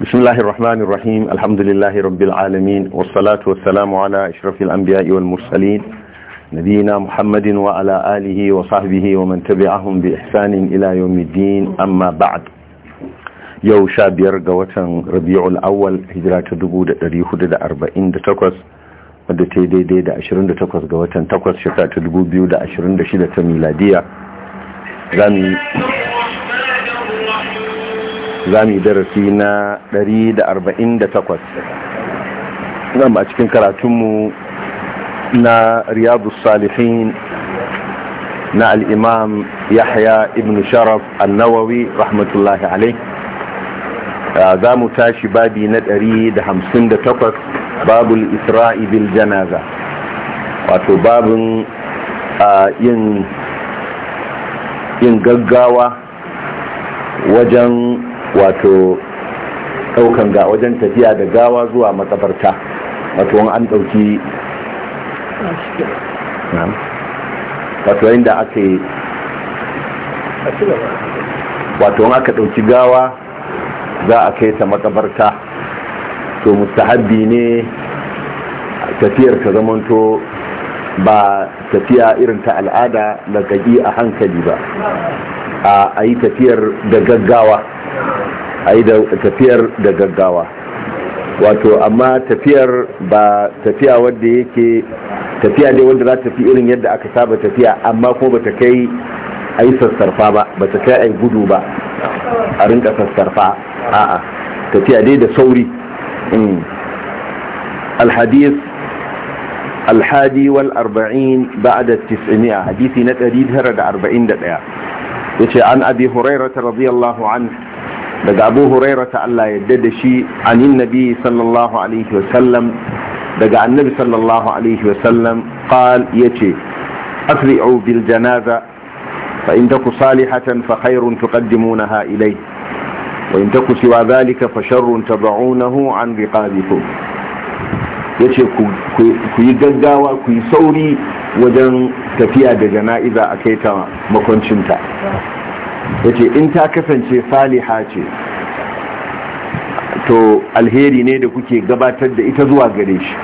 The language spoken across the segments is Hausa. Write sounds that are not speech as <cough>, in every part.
بسم الله الرحمن الرحيم الحمد لله رب العالمين والصلاة والسلام على إشرف الأنبياء والمرسلين نبينا محمد وعلى آله وصحبه ومن تبعهم بإحسان إلى يوم الدين أما بعد yau sha biyar ga watan rabi'ul Awal, hijira ta dubu da ɗari hudu da arba'in da takwas wadda daidai da ashirin da takwas ga watan takwas shekara ta dubu biyu da ashirin da shida ta miladiya za mu za mu yi darasi na 148 zan a cikin karatunmu na riyadu salihin na al'imam yahya ibn sharaf nawawi, rahmatullahi alai za mu tashi babi na 158 babul isra'i bil janaza wato babin yin gaggawa wajen wato daukan ga wajen tafiya da gawa zuwa makabarta wato an dauki wato inda aka wato an aka dauki gawa za a kai ta makabarta to mustahabbi ne tafiyar ta zamanto ba tafiya irin ta al'ada na a hankali ba a yi tafiyar da gaggawa a yi tafiyar da gaggawa wato amma tafiyar ba tafiya wadda yake tafiya ne wanda za ta fi irin yadda aka saba tafiya amma kuma ba ta kai a yi sassarfa ba ba ta kai a yi gudu ba a rinka sassarfa a'a tafiya dai da sauri الحديث الحادي والأربعين بعد التسعمائة حديث نتريد هرد أربعين دقيقة عن أبي هريرة رضي الله عنه daga abu hurairata Allah yadda da shi anin nabi sallallahu alaihi wasallam daga annabi sallallahu alaihi wasallam qal yace asri'u bil janaza fa in taku salihatan fa khairun tuqaddimunaha ilai wa in taku siwa dhalika fa sharrun tad'unahu an riqabikum yace ku yi gaggawa ku yi sauri wajen tafiya da jana'iza a ta makoncinta. Wace in ta kasance saliha ce to alheri ne da kuke gabatar da ita zuwa gare shi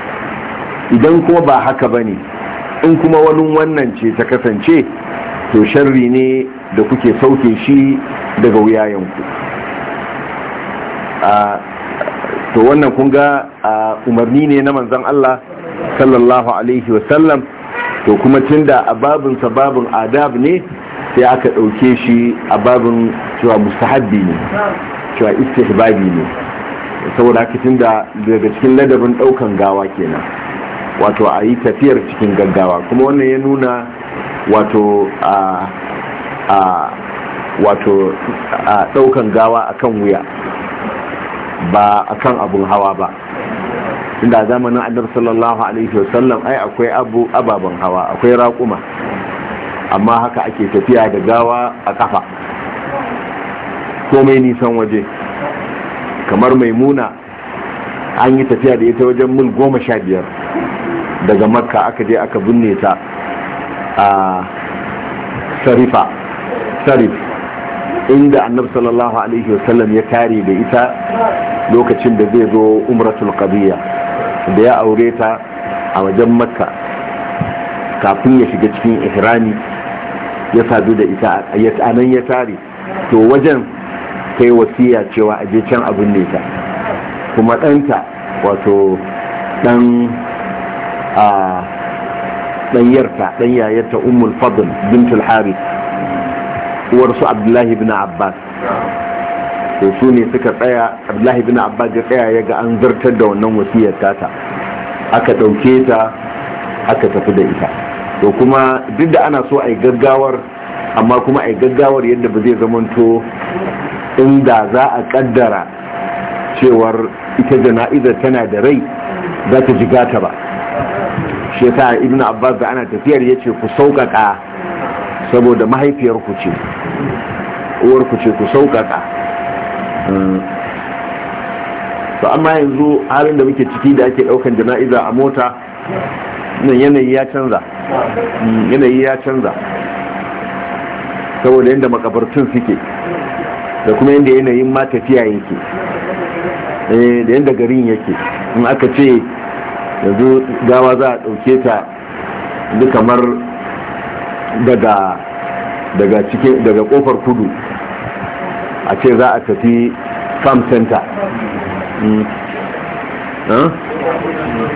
idan kuma ba haka ba ne, in kuma wani wannan ce ta kasance to sharri ne da kuke sauke shi daga wuyayenku to wannan kun ga umarni ne na manzan Allah sallallahu alaihi wasallam to kuma tunda a babinsa babin adab ne sai aka ɗauke shi a babin cewa mustahabbi ne cewa istihbabi ne saboda haka tun da daga cikin ladabin ɗaukan gawa kenan wato a yi tafiyar cikin gaggawa kuma wannan ya nuna wato a a wato a ɗaukan gawa akan wuya ba akan abun hawa ba inda zamanin annabi sallallahu alaihi wasallam ai akwai ababen hawa akwai raƙuma amma haka ake tafiya da gawa a kafa komai nisan waje kamar maimuna an yi tafiya da ita wajen mil goma sha biyar daga makka aka je aka binne ta a sarifa sarif inda annabi sallallahu alaihi wasallam ya tare da ita lokacin da zai zo umratul qadiyya da ya aure ta a wajen makka kafin ya shiga cikin ihrami ya sadu da ita a nan ya tare to wajen kai wasiya cewa a can abin ne ta kuma ɗanta wato ɗan a ɗanyarta ɗan yayarta ummul fadl bintul uwarsu abdullahi bin abbas to su ne suka tsaya abdullahi bin abbas ya tsaya ya ga an zartar da wannan wasiyar tata aka ɗauke ta aka tafi da ita to kuma duk da ana so a yi gaggawar amma kuma a yi gaggawar yadda ba zai zamanto inda za a kaddara cewar ita jana'izar tana da rai za ta ji gata ba shi ta ibn abbas da ana tafiyar ya ce ku sauƙaƙa saboda mahaifiyar ku ce uwar ku ce ku sauƙaƙa to amma yanzu halin da muke ciki da ake ɗaukan jana'iza a mota nan yanayi ya canza mm, yanayi ya canza saboda yadda makabartun suke da kuma yadda yanayin matafiya tafiya yake eh, da yadda garin yake in aka ce yanzu gawa za a ɗauke ta duk kamar daga daga daga kofar kudu a ce za a tafi farm center mm.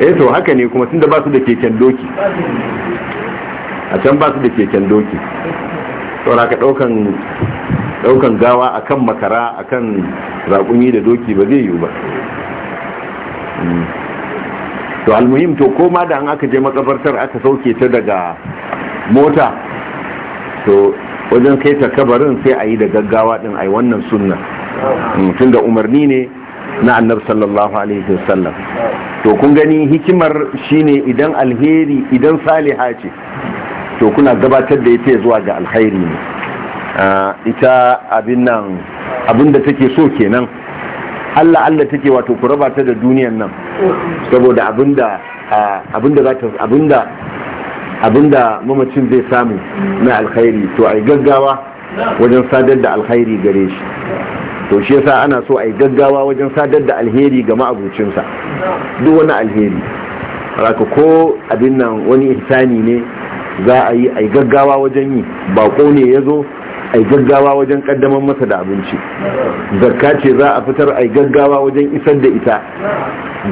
eh to haka ne kuma tunda ba su da keken doki a can ba su da keken doki saura ka daukan daukan gawa akan makara akan raƙumi da doki ba zai yiwu ba mm. to almuhim to koma da an aka je makabartar aka sauke ta daga mota to wajen kai ta kabarin sai a yi da gaggawa din a yi wannan sunna mm, tun da umarni ne na annabi sallallahu alaihi wasallam to kun gani hikimar shine idan alheri idan saliha ce to kuna gabatar da ita zuwa ga alkhairi ne ah, ita abin nan abin da take so kenan Allah Allah take wato ku raba ta da duniyan nan saboda abinda ah, abinda za ta abinda abinda mamacin zai samu na alkhairi to ai gaggawa wajen sadar da alkhairi gare shi to shi yasa ana so a yi gaggawa wajen sadar da alheri ga ma'abucinsa duk wani alheri raka ko abin nan wani ihsani ne za a yi a gaggawa wajen yi bako ne ya zo ai gaggawa wajen kaddamar masa da abinci zakka ce za a fitar ai gaggawa wajen isar da ita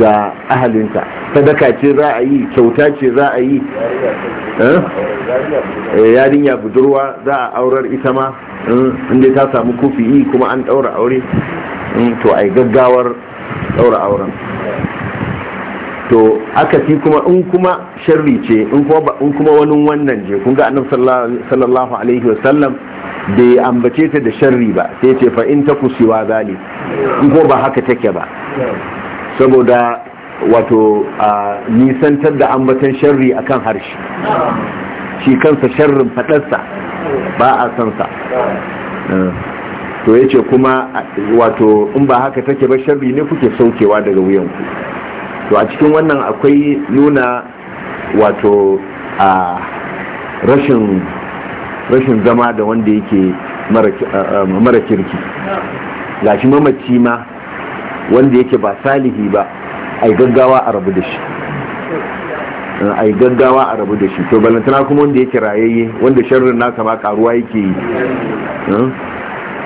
ga ahalinta sadaka ce za a yi kyauta ce za a yi eh? Eh, yarinya budurwa za a aurar ita ma eh, inda ta samu kufi kuma an daura aure to ai gaggawar daura auren to aka fi kuma in kuma sharri ce in kuma wani wannan je kun ga annabi sallallahu alaihi wasallam bai ambace ta da sharri ba sai ce fa in ta kusiwa zali in ko ba haka take ba saboda wato nisantar da ambatan sharri akan harshe shi kansa sharrin fadarsa ba a sansa to ya ce kuma wato in ba haka take ba sharri ne kuke saukewa daga wuyanku to a cikin wannan akwai nuna wato a rashin rashin zama da wanda yake mara kirki gashi mamaci ma wanda yake ba salihi ba a gaggawa a rabu da shi eh, a gaggawa a rabu da shi to balantana kuma wanda yake rayayye wanda sharrin nasa ma karuwa yake yi eh,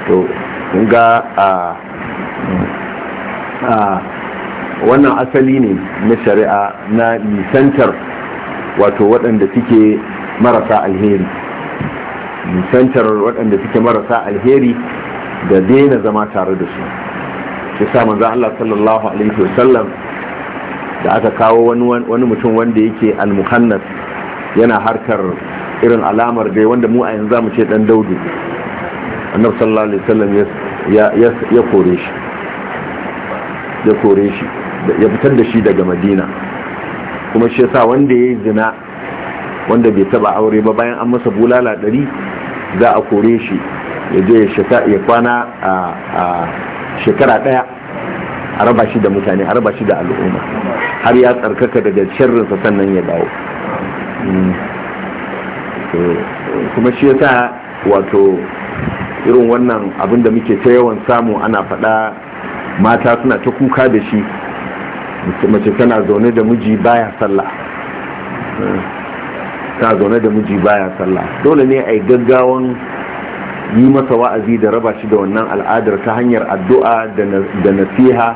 to ga a wannan asali ne na shari'a na nisantar wato waɗanda suke marasa alheri nisantar waɗanda suke marasa alheri da daina zama tare da su shi sa manzo Allah sallallahu alaihi wasallam da aka kawo wani mutum wanda yake almuhannas yana harkar irin alamar dai wanda mu a yanzu zamu ce dan daudu annabi sallallahu alaihi wasallam ya kore shi ya kore shi ya fitar da shi daga madina kuma shi sa wanda ya yi zina wanda bai taba aure ba bayan an masa bulala ɗari za a kore shi ya je ya kwana a shekara daya a raba shi da mutane a raba shi da al'umma har ya tsarkaka daga sharrinsa sannan ya dawo mm. kuma shi yasa wato irin wannan abin da muke ta yawan samu ana faɗa mata suna ta kuka da shi mace tana zaune da miji baya sallah mm. ta zaune da miji baya sallah dole ne a yi gaggawan yi masa wa'azi da raba shi da wannan al'adar ta hanyar addu'a da nasiha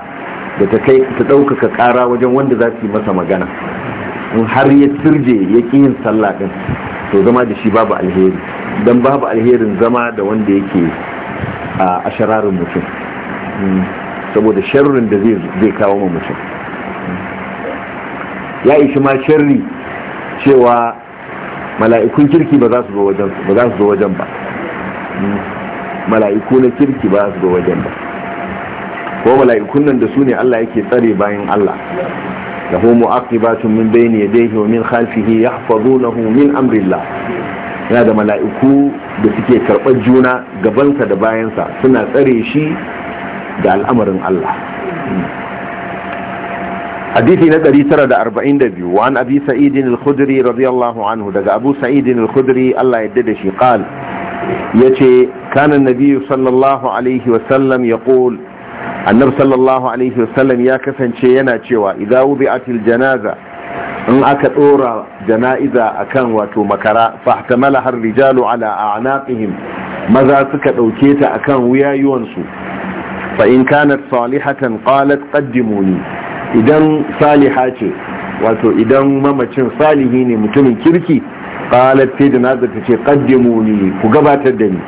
da ta kai ta ɗaukaka ƙara wajen wanda za su yi masa magana in har ya sirje ya ƙi yin sallah ɗin to zama da shi babu alheri don babu alherin zama da wanda yake a shararin mutum hmm. saboda sharrin da zai kawo ma mutum ya ishi ma sharri cewa mala'ikun kirki ba za su zo wajen ba za su zo wajen ba hmm. mala'iku na kirki ba za su zo wajen ba ko mala'ikun nan da su ne Allah yake tsare bayan Allah hu mu'aqibatun min bayni yadayhi wa min khalfihi yahfazunahu min amrillah yana da mala'iku da suke karɓar juna gabansa da bayansa suna tsare shi da al'amarin Allah حديثي نقري ترى دا أربعين دبيو وعن أبي سعيد الخدري رضي الله عنه دا أبو سعيد الخدري الله يددشي قال يتي كان النبي صلى الله عليه وسلم يقول النبي صلى الله عليه وسلم يا كفن شينا شوى إذا وضعت الجنازة إن أكتورا جنائزة أكان واتو مكرا فاحتملها الرجال على أعناقهم ماذا سكتوا كيتا أكان ويا يونسو فإن كانت صالحة قالت قدموني idan saliha ce wato idan mamacin salihi ne mutumin kirki qalat sai da ta ce ni ku gabatar da ni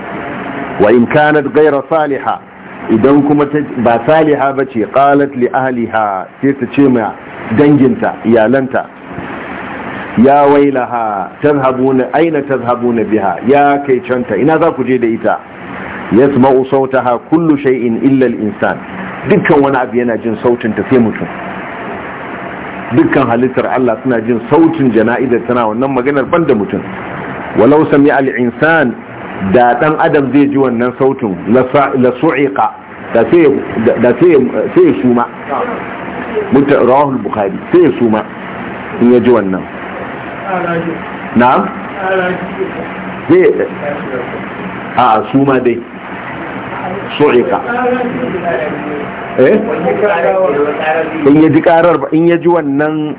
wa in kanat ghayra saliha idan kuma ba saliha bace qalat li ahliha sai ta ce ma danginta iyalanta ya wailaha tazhabuna aina tazhabuna biha ya kai canta ina za ku je da ita yasma'u sautaha kullu shay'in illa al-insan dukkan wani abu yana jin sautin ta sai mutum dukkan halittar Allah suna jin sautin jana'izar tana wannan maganar banda mutum walau sami al-insan da dan adam zai ji wannan sautin la su'iqa da sai da sai suma mutum Rahul bukhari sai suma in ya ji wannan na'am zai a suma dai su'ika eh in yaji karar in yaji wannan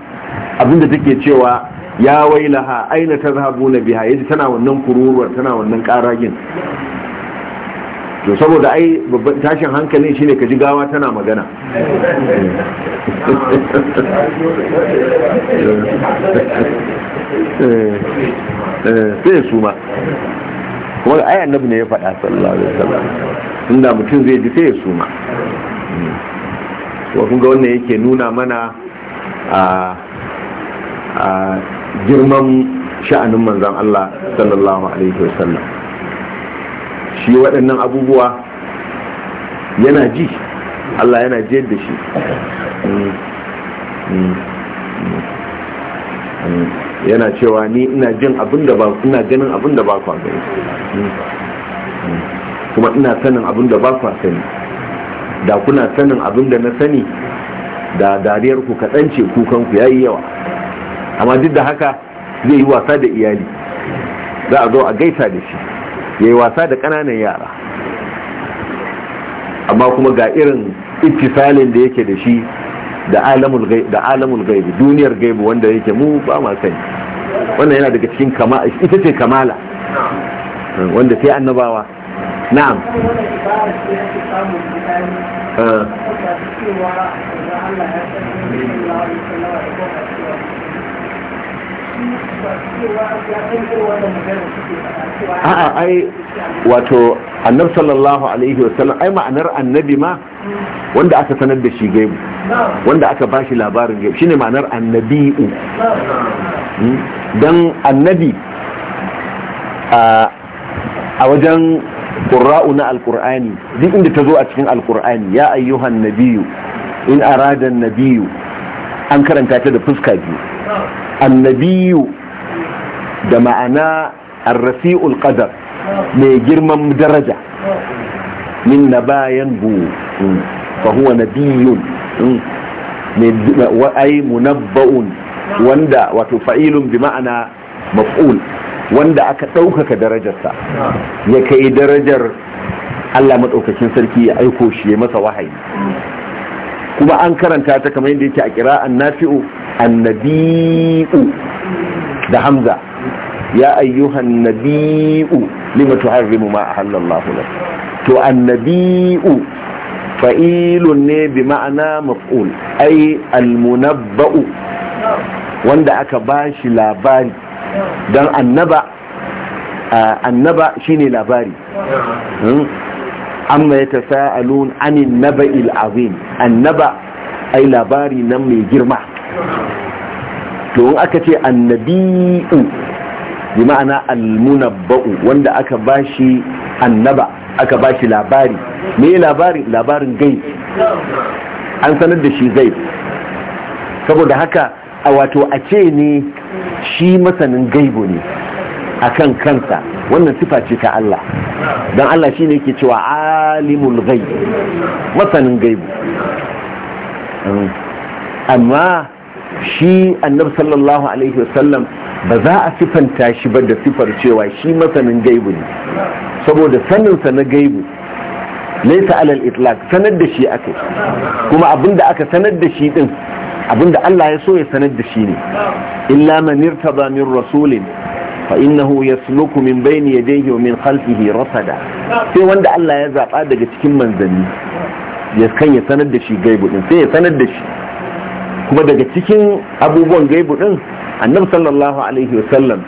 abinda take cewa ya wailaha aina tazhabuna biha yaji tana wannan kururuwar tana wannan karagin to saboda ai babban tashin hankalin shine ka ji gawa tana magana eh, eh, eh, sai su ma kuma ai annabi ne ya faɗa sallallahu alaihi wasallam inda mutum zai ji sai ya suma wakun ga wannan yake nuna mana a girman sha'anin manzan Allah sallallahu alaihi wasallam shi waɗannan abubuwa yana ji Allah yana ji da shi yana cewa ni ina jin abin da ba ina ganin abin da ba ku gani kuma ina sanin abin da ba ku sani da kuna sanin abin da na sani da dariyar ku kaɗance kukan ku yayi yawa amma duk da haka zai yi wasa da iyali za a zo a gaisa da shi ya yi wasa da ƙananan yara amma kuma ga irin ittisalin da yake da shi da alamul gaibi duniyar gaibi wanda yake mu ba ma sani wannan yana daga cikin kama, ita ce kamala wanda sai annabawa na'am ah. a'a ai wato annab sallallahu alaihi wasallam ai ma'anar annabi ma wanda aka sanar da shi gaibu wanda aka ba shi labarin gaibu shine ma'anar annabi'u hmm? don annabi a wajen ƙura'u na alƙur'ani duk inda ta zo a cikin alƙur'ani ya ayyuhan nabiyu in aradan nabiyu an karanta ta da fuska biyu annabiyu da ma'ana arrafi'ul qadar mai girman daraja min na bayan bu fahuwa nabiyun ai munabba'un wanda wato fa'ilun bi ma'ana maf'ul wanda aka ɗaukaka darajarsa ya kai darajar Allah maɗaukakin sarki ya aiko shi ya masa wahayi kuma an karanta ta kamar yadda yake a kira'an nafi'u annabi'u da hamza ya ayyuhan nabi'u lima tuharrimu ma ahallallahu lak to annabi'u fa'ilun ne bi ma'ana maf'ul ai almunabba'u wanda aka bashi labari don annaba annaba shine labari hmm? amma ya tasa'alun anin naba'il azim annaba ai labari nan mai girma to in aka ce annabi'u bi ma'ana almunabba'u wanda aka bashi annaba aka bashi labari me labari labarin gai an sanar da shi zai saboda haka a wato a ce ne shi masanin gaibo ne a kan kansa wannan sifa ce ta Allah don Allah shi ne ke cewa alimul gai masanin gaibo amma shi annabi sallallahu alaihi wasallam ba za a sifanta shi ba da sifar cewa shi masanin gaibo ne saboda saninsa na gaibo, laisa alal itlaq sanar da shi aka kuma abinda aka sanar da shi din abinda Allah ya so ya sanar da shi ne illa man irtaba min rasulin fa innahu yasluku min bayni yadayhi wa min khalfihi rasada sai wanda Allah ya zaba daga cikin manzanni ya kan ya sanar da shi gaibu din sai ya sanar da shi kuma daga cikin abubuwan gaibu din annabi sallallahu alaihi wasallam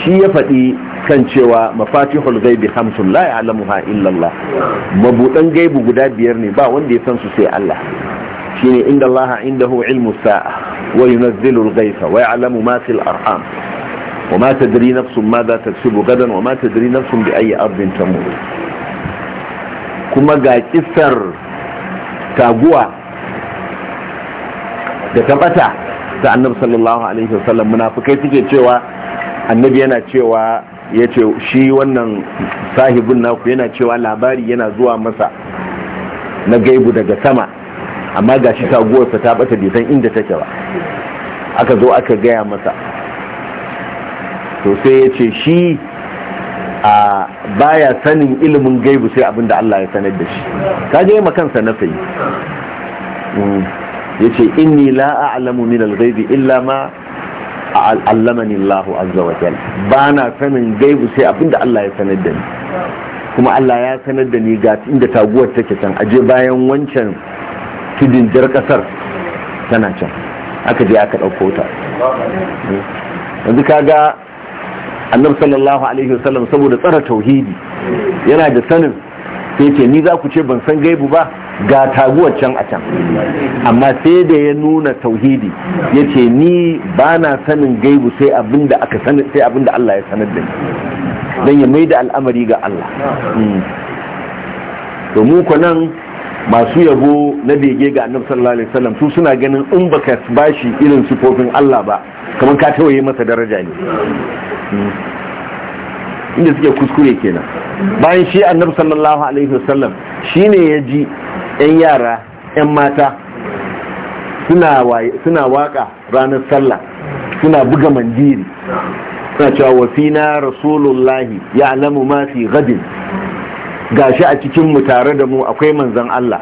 shi ya faɗi kan cewa mafatihul gaibi hamsun la ya'lamuha illa Allah mabudan gaibu guda biyar ne ba wanda ya san su sai Allah shine inda Allah indahu ilmu sa'a wa yunazzilu al-ghaytha wa ya'lamu ma fil arham wa ma tadri nafsun madha taksubu gadan wa ma tadri nafsun bi ayi ardin tamut kuma ga kissar taguwa da tabbata da annabi sallallahu alaihi wasallam munafikai suke cewa annabi yana cewa yace shi wannan sahibin naku yana cewa labari yana zuwa masa na gaibu daga sama amma ga shi taguwarsa ta bata bai san inda take ba aka zo aka gaya masa to sai ya ce shi a baya sanin ilimin gaibu sai abinda Allah ya sanar da shi ka je ma kansa na sayi mm. ya ce inni la a'lamu min al-ghaibi illa ma allamani Allah azza wa jalla ba na sanin gaibu sai abinda Allah ya sanar da ni kuma Allah ya sanar da ni ga inda taguwar take can aje bayan wancan tudin jar kasar tana can aka je aka ɗauko ta yanzu kaga annab sallallahu alaihi wasallam saboda tsara tauhidi yana da sanin sai ce ni za ku ce ban san gaibu ba ga taguwar can a can amma sai da ya nuna tauhidi yace ni ba na sanin gaibu sai abinda aka sani sai abinda Allah ya sanar da ni dan ya mai da al'amari ga Allah hmm. to mu nan masu yabo na bege ga annabi sallallahu alaihi wasallam su suna ganin in baka bashi irin sifofin Allah ba kamar ka tawaye masa daraja ne hmm. inda suke kuskure kenan bayan shi annabi sallallahu alaihi wasallam shine ya ji yan yara yan mata suna suna waka ranar sallah suna buga mandiri suna cewa fina rasulullahi ya'lamu ma fi ghadin gashi a cikin mu tare da mu akwai manzan Allah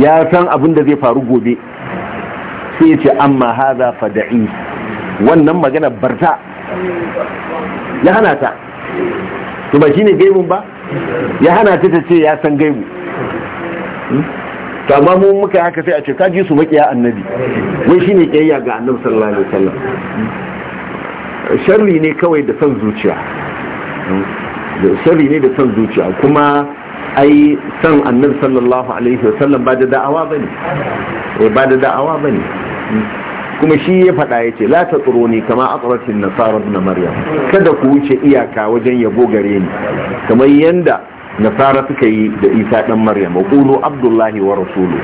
ya san abin da zai faru gobe sai ya ce amma haza fada'i wannan magana barta ya hana ta to ba shine gaibun ba ya hana ta ta ce ya san gaibu hmm? to amma mun muka haka sai a ce kaji su makiya annabi wai shine kiyayya ga annabi sallallahu alaihi wasallam sharri ne kawai da san zuciya hmm? sirri ne da son zuciya kuma ai san annabi sallallahu alaihi wasallam ba da da'awa bane eh, ba da da'awa bane kuma shi ya faɗa ya ce la ta tsoro kama atsaratin nasara na maryam kada ku wuce iyaka wajen yabo gare ni kamar yanda nasara suka yi da isa dan maryam wa qulu abdullahi wa rasulu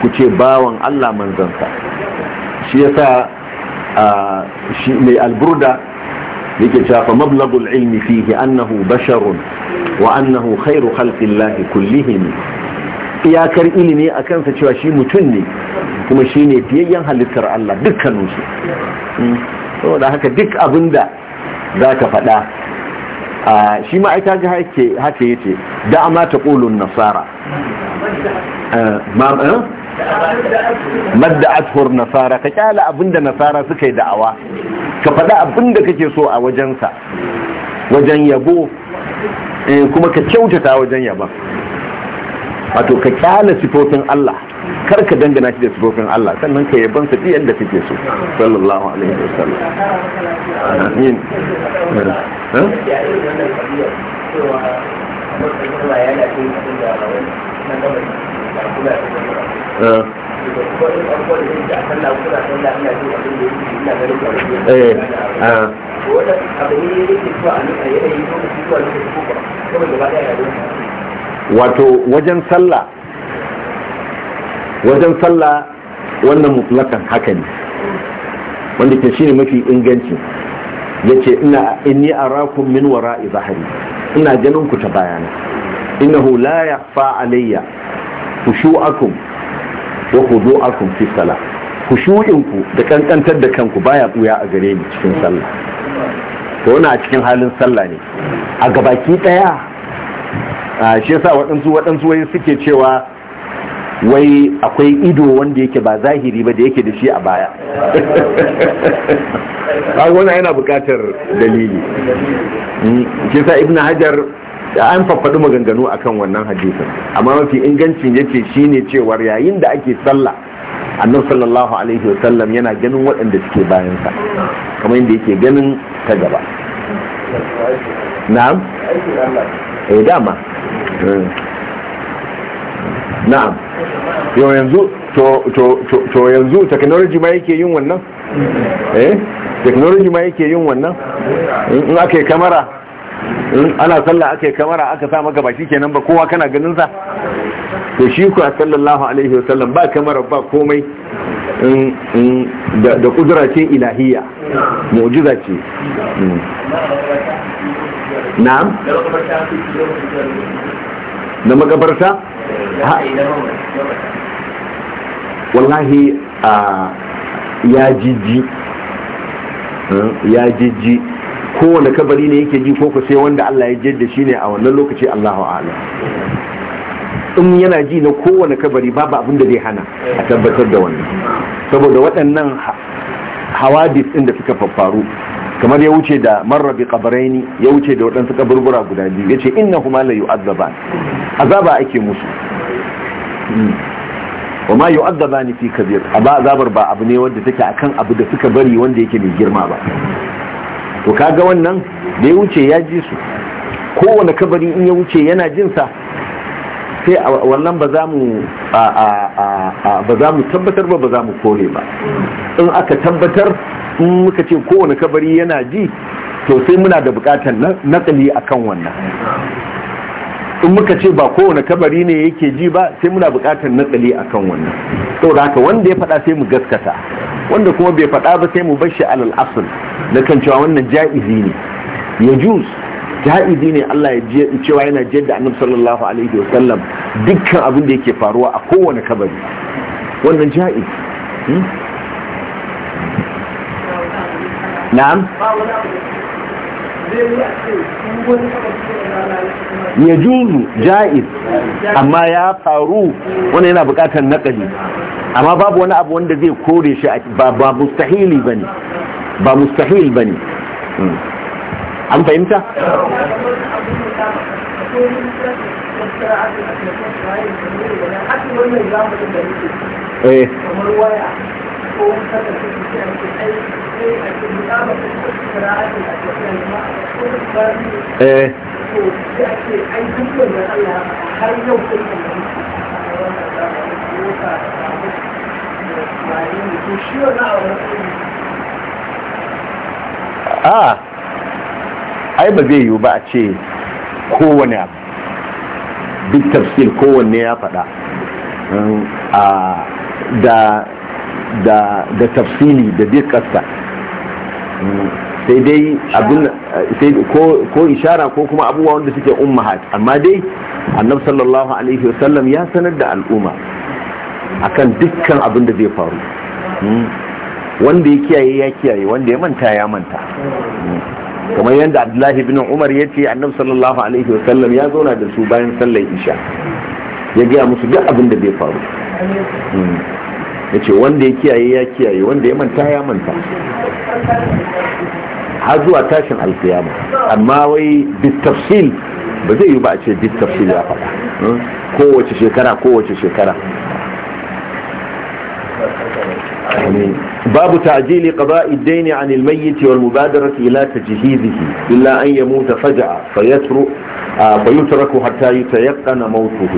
ku ce bawan allah manzansa shi yasa shi mai alburda yake cewa fa mablagul ilmi fihi annahu basharun wa annahu khairu khalqillahi kullihim iyakar ilimi a kansa cewa shi mutum ne kuma shi ne fiyayyen halittar Allah dukkaninsu hmm. saboda haka duk abinda za ka faɗa shi ma aika ga haka yace da amma ta ƙulun nasara eh, eh? madda ashur nasara ka kyala abinda nasara suka yi da'awa ka faɗa abinda kake so a wajensa wajen yabo eh, kuma ka kyautata wajen yaban wato ka kyala sifofin Allah kar ka dangana shi da sifofin Allah sannan ka yaban sa yadda kake so sallallahu alaihi wasallam amin eh Eh. Eh. Ah. wato wajen sallah wajen sallah wannan mutlakan haka ne wanda ke shine mafi inganci yace ina inni arakum min wara'i zahiri ina ganin ku ta bayana innahu la yakhfa alayya khushu'akum wa khudu'akum fi salah khushu'inku da ƙanƙantar da kanku baya buya a gare ni cikin sallah a cikin halin sallah ne a gabaki daya shi yasa waɗansu waɗansu wai suke cewa wai akwai ido wanda yake ba zahiri ba da yake da shi a baya wani yana bukatar dalili shi sa ibn hajar an faffaɗi maganganu kan wannan hadisin amma mafi ingancin shi ne cewar yayin da ake sallah annabi sallallahu alaihi wasallam yana ganin waɗanda suke bayansa, kamar yadda yake ganin ta gaba na'am eh dama hmm. na'am yau yanzu to yanzu technology ma yake yin wannan eh technology ma yake yin wannan in aka yi kamara ana sallah aka yi kamara aka sa maka baki kenan ba kowa kana ganin sa to shi ku sallallahu alaihi wasallam ba kamara ba komai da kudura ce ilahiyya mu'jiza ce hmm. na'am da makabarta wallahi ah, ya jijji hmm, ya jijji kowane kabari ne yake ji ko ku sai wanda Allah ya jadda shi ne a wannan lokaci Allahu a'lam in yana ji na kowane kabari babu abin da zai hana a tabbatar da wannan saboda waɗannan hawadis ɗin da suka faffaru kamar ya wuce da bi kabaraini ya wuce da waɗansu kaburbura guda biyu yace inna kuma la yu'azzaba azaba ake musu hmm. wa ma yu'azzaba fi kabir ba azabar ba abu ne wanda take akan abu da suka bari wanda yake mai girma ba to kaga wannan da ya wuce ya ji su kowane kabari in ya wuce yana jinsa sai a wannan ba za mu tabbatar ba ba za mu kore ba in aka tabbatar in muka ce kowane kabari yana ji to sai muna da bukatar nakali akan wannan in muka ce ba kowane kabari ne yake ji ba sai muna bukatar natsali akan wannan saboda haka wanda ya faɗa sai mu gaskata wanda kuma bai faɗa ba sai mu bashi alal asul na kan cewa wannan ja'izi ne ya juz ja'izi ne Allah ya cewa yana jiyar da annabi sallallahu alaihi wasallam dukkan abin da yake faruwa a kowane kabari wannan ja'iz hmm? na'am ya juzu ja'iz amma ya faru wani yana bukatar nakali amma babu wani abu wanda zai kore shi ba mustahili bane ba mustahil bane hmm. an fahimta eh Eh. a ah. ai ba zai yiwu ba a ce kowane abu duk tafsir kowanne ya faɗa ah, da da da tafsili da dukkansa sai dai abin sai ko ko ishara ko kuma abubuwa wanda suke ummahat amma dai annabi sallallahu alaihi wasallam ya sanar da al'umma akan dukkan abin da zai faru wanda ya kiyaye ya kiyaye wanda ya manta ya manta kamar yadda abdullahi bin umar ya ce annabi sallallahu alaihi wasallam ya zauna da su bayan sallar isha ya gaya musu duk abin da zai faru yace wanda ya kiyaye ya kiyaye wanda ya manta ya manta har zuwa tashin alfiyama amma wai bitafsil ba zai yi ba a ce bitafsil ya faɗa hmm? kowace shekara kowace shekara باب تعجيل قضاء الدين عن الميت والمبادرة إلى تجهيزه إلا أن يموت فجأة فيترك, فيترك حتى يتيقن موته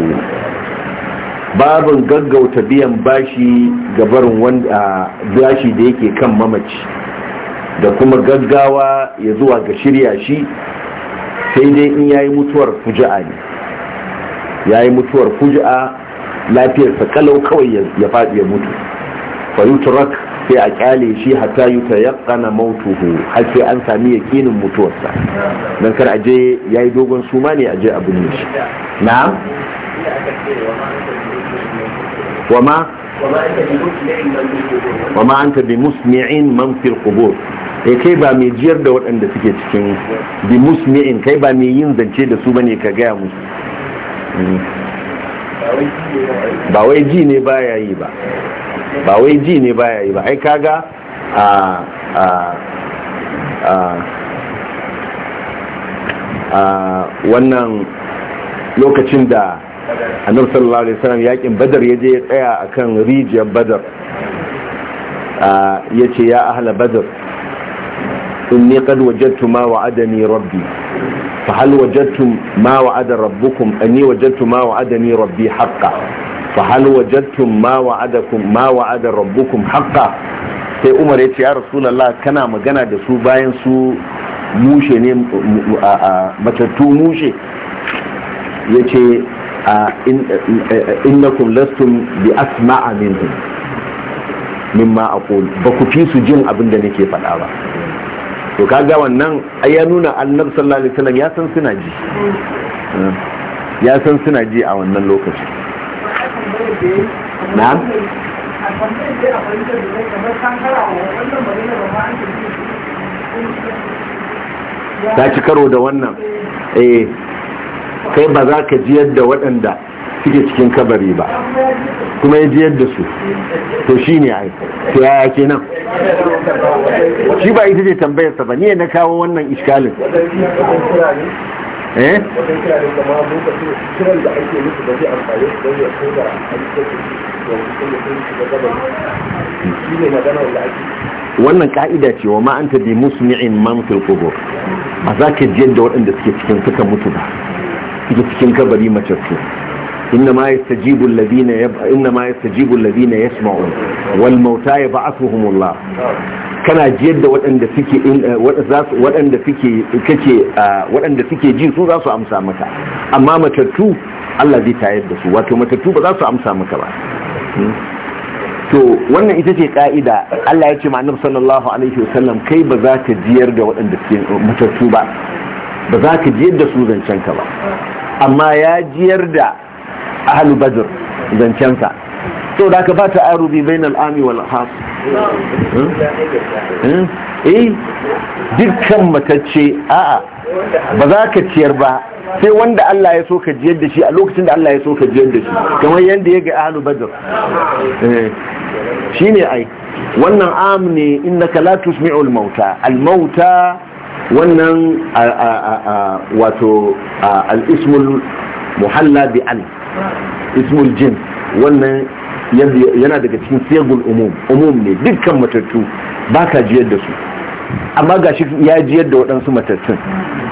babin gaggauta biyan bashi ga barin wanda bashi da yake kan mamaci da kuma gaggawa ya zuwa ga shirya shi sai dai in yayi mutuwar fuji'a ne yayi mutuwar lafiyar sa kalau kawai ya faɗi ya mutu fayutrak sai a kyale shi hata yi ta mautuhu har sai an sami yakinin mutuwarsa don kar aje yayi dogon suma ne aje abin shi na وما وما anta bi من man القبور e kai ba mai jiyar da waɗanda suke cikin bi musmi'in kai ba mai yin zance da su bane ka gaya musu ba wai ji ne ba ya yi ba ba wai ji ne ba ya yi ba ai kaga a a a a wannan lokacin da annabi sallallahu alaihi wasallam yakin badar ya je ya tsaya akan rijiyar badar ya ce ya ahla badar inni qad wajadtu ma wa'adani rabbi fa hal wajadtu ma wa'ada rabbukum anni wajadtu ma wa'adani rabbi haqqan fa hal wajadtu ma wa'adakum ma wa'ada rabbukum haqqan sai umar ya ce ya rasulullah kana magana da su bayan su mushe ne matattu mushe ya ce Eh, eh, eh, innakum lastum bi asma'a minhum mimma aqul ba ku fi su jin abin da nake faɗa ba to kaga wannan ai ya nuna annabi sallallahu alaihi wasallam ya san suna ji ya san suna ji a wannan lokaci na'am ta ci karo da wannan eh kai ba za ka jiyar da waɗanda suke cikin kabari ba kuma ya jiyar da su to shi ne ai to yaya ke nan shi ba ita ce tambayarsa ba ne na kawo wannan iskalin eh wannan ka'ida ce wa ma'anta bi musmi'in man fil qubur ba za ka jiyar da waɗanda suke cikin suka mutu ba suke cikin kabari mace su inna ma يب... إنما يستجيب na يسمعون والموتى Wal mauta kana jiyar da waɗanda suke eh, waɗanda suke kake ah, waɗanda suke ji su za su amsa maka amma matattu Allah zai tayar da su wato matattu ba za su amsa maka ba hmm? to wannan ita ce ka'ida Allah ya ce ma annabi sallallahu alaihi wasallam kai ba za ka jiyar da waɗanda suke matattu ba ba za ka jiyar da su zancen ka ba amma ya jiyar da ahalu badr zancensa sau da aka ba ta arubi bain al'ami wal khas hmm? Hmm? eh dukkan matacce a'a ba za ka ciyar ba sai wanda Allah ya so ka jiyar da shi a lokacin da Allah ya so ka jiyar da shi kamar yadda ya ga ahalu badr eh. shine ai wannan am ne innaka la tusmi'u al-mauta al-mauta wannan wato al'ismul muhalla bi al ismul jin wannan yana daga cikin segul umum umum ne dukkan matattu ba ka jiyar da su amma ga shi ya jiyar da waɗansu matattun